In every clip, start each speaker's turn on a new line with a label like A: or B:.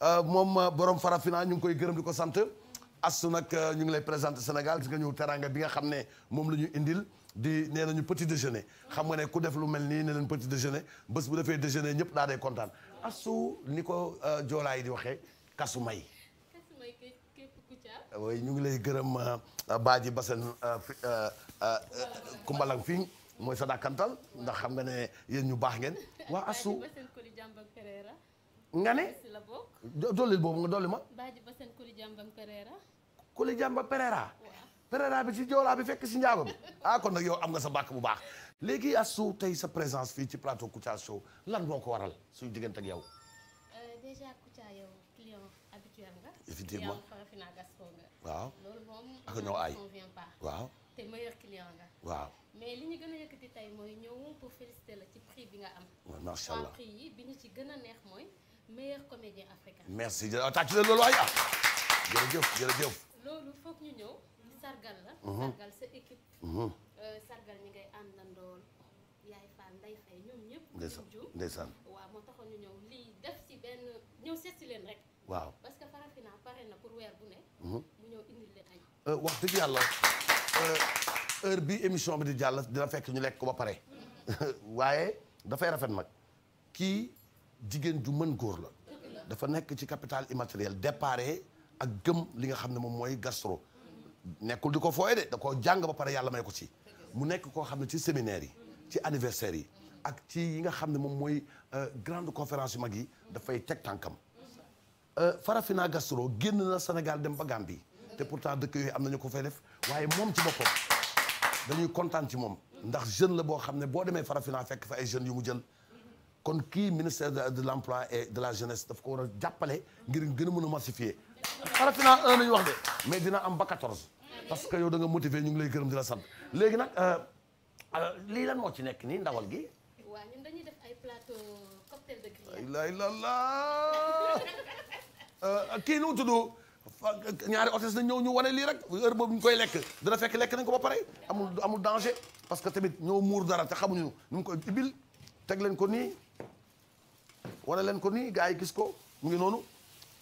A: Euh, moom euh, borom Farafina ñu ngi koy gërëm di ko sant astu nag euh, ñu ngi lay présenté Sénégal gis nga ñëw teranga bi nga xam ne moom la ñu indil di nee nañu petit déjeuner xam nga ne ku def lu mel nii ne leen petit déjeuner bés bu defee déjeuner ñëpp daa day kontaan astu ni ko joolaa yi di waxee kasu may oui ñu ngi lay gërëm Badji Bassène Kumbalang fii mooy sa dàkkantal ndax xam nga ne yéen ñu baax ngeen waa astu nga ne. dollil boobu nga dolli ma.
B: Badji Bassène Koli Jàmba Pereira.
A: Koli Jàmba Pereira. Pereira bi ci Joolaa bi fekk si njaago bi. ah kon yow am nga sa bàkk bu baax. léegi Astou tey sa présence fii ci plateau Kouthia lan moo ko waral suñu diggante ak yow.
B: Euh, déjà ay waaw. mais li ñu gën a yëkkati tey mooy ñëw pour féliciter la ci prix bi nga am. waaw allah bi ñu ci gën a neex mooy. meilleur comédien africain. merci jërëjëf
A: tàcc na loolu waay ah. jërëjëf jërëjëf.
B: loolu foog ñu ñëw. Mhm. sargal la. Mhm. sargal sa équipe. Mhm. Euh, sargal ñi ngay àndandool. yaay Fall Ndeye Faye ñoom ñëpp. ndeysaan ndeysaan. waaw moo taxoon ñu ñëw lii def si benn ñëw seet si leen rek. waaw parce que Farafina pare na pour weer bu ne. mu ñëw indil leen añ.
A: Euh, wax dëgg yàlla euh, heure bi émission bi di jàll dina fekk ñu lekk ko ba pare waaye dafay rafet mag kii. jigéen ju mën góor la dafa nekk ci capital immatériel déparé ak gëm li nga xam ne moom mooy gastro nekkul di ko fooye de da ko jàng ba pare yàlla may ko ci mu nekk koo xam ne ci séminaire yi ci anniversaire yi ak ci yi nga xam ne moom mooy euh, grande conférence yu mag yi dafay teg tànkam euh, Farafina gastro génn na Sénégal dem ba bi te pourtant dëkk yooyu am ñu ko fay def waaye moom ci boppam dañuy kontaan ci moom ndax jeune la boo xam ne boo demee Farafina fekk ay jeunes yu mu jël kon kii ministère de l' emploi et de la jeunesse daf ko war a jàppale ngir gën a mën a massifier ratina un nañu wax de mais dina am ba parce que yow danga nga motiver ñu ngi lay gërëm di la sant léegi nag euh, euh, lii lan moo ci nekk nii ndawal gi
B: waaw ñun dañuy def ay plateau cocktail de grillade la
A: euh, kii nu tudd ñaari hôtesse na ñëw ñu wane lii rek heure boobu ñu koy lekk dina fekk lekk nañ ko ba pare amul amul danger parce que tamit ñoo muur dara te xamuñu nu mu koy ibil teg leen ko nii wane leen ko nii gars yi gis ko mu ngi noonu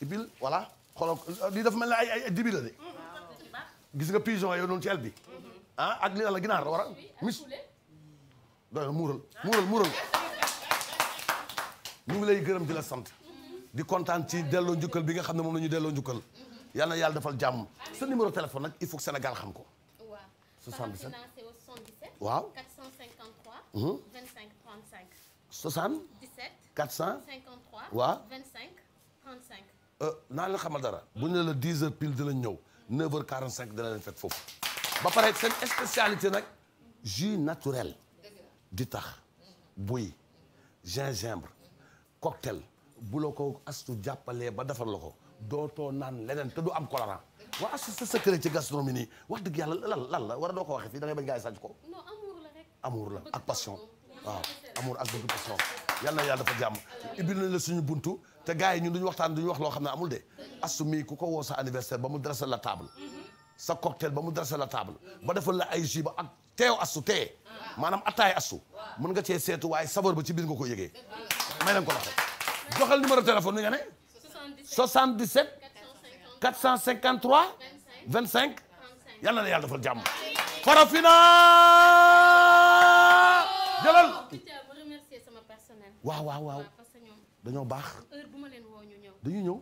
A: ibil voilà xoolal lii dafa mel ne ay ay dibi de gis nga pigeon yooyu noonu ci bi ah ak lii la ginaar la war a mis doy muural muural muural ñu ngi lay gërëm di la sant di kontaan ci delloo njukkal bi nga xam ne moom la ñu delloo njukkal yal na yàlla defal jàmm sa numéro téléphone nag il faut que Sénégal xam ko.
B: waaw 77 453 waaw 25 35.
A: naa la xamal dara. bu ne la 10 heures pile de dinañ ñëw. 9 heures 45 dina leen fekk foofu. ba pare seen spécialité nag. jus naturel. di tax buy. gingembre. cocktail bu la ko astu jàppalee ba defar la ko. dootoo naan leneen te du am colorant. waa astu sa secret ci gastronomie nii wax dëgg yàlla lan lan la war doo ko waxee fii da ngay bañ gaa ko. non la rek. la ak passion. waaw amour ak bëgg passion yàlla na yàlla dafa jàmm ibbil la suñu buntu te gars yi ñun duñu waxtaan duñu wax loo xam ne amul de asu mii ku ko woo sa anniversaire ba mu dressé la table sa cocktail ba mu dressé la table ba defal la ay jus ba ak teew asu tee maanaam attaay asu mun nga cee seetu waaye saveur ba ci biir nga ko yëgee may leen ko loxo joxal numéro téléphone ni nga ne 77 453 25 yàlla na yàlla dafa jàmm Farafina jëlal oh,
B: waaw waaw waaw
A: dañoo baax dañu ñëw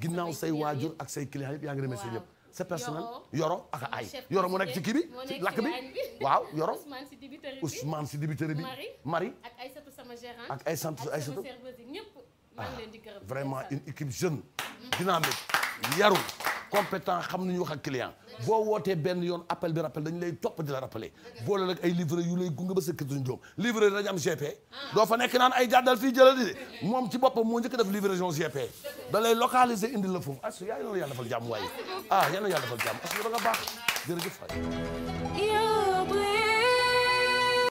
B: ginnaaw say waajur
A: ak say client yëpp yaa ngi remercier ñëpp c'est personnel yoro ak ay yoro mu nekk ci kii bi ci lakk bi waaw yoro
B: Ousmane si dibiteri bi Marie ak ay sama gérant ak Aïssatou Aïssatou ñëpp maa ah, leen di gërëm vraiment
A: une compétent xam nañu wax ak boo wootee benn yoon appel bi rappel dañu lay topp di la rappeler boole nag ay livreur yu lay gunge ba sa kër duñ jóg livreur dañu am GP doo fa nekk naan ay jàddal fii jëlal di moom ci boppam moo njëkk def livraison GP da lay localiser indi la foofu asu yaa ngi noonu yàlla defal jàmm waaye
B: ah yàlla defal jàmm asu da nga baax jërëjëf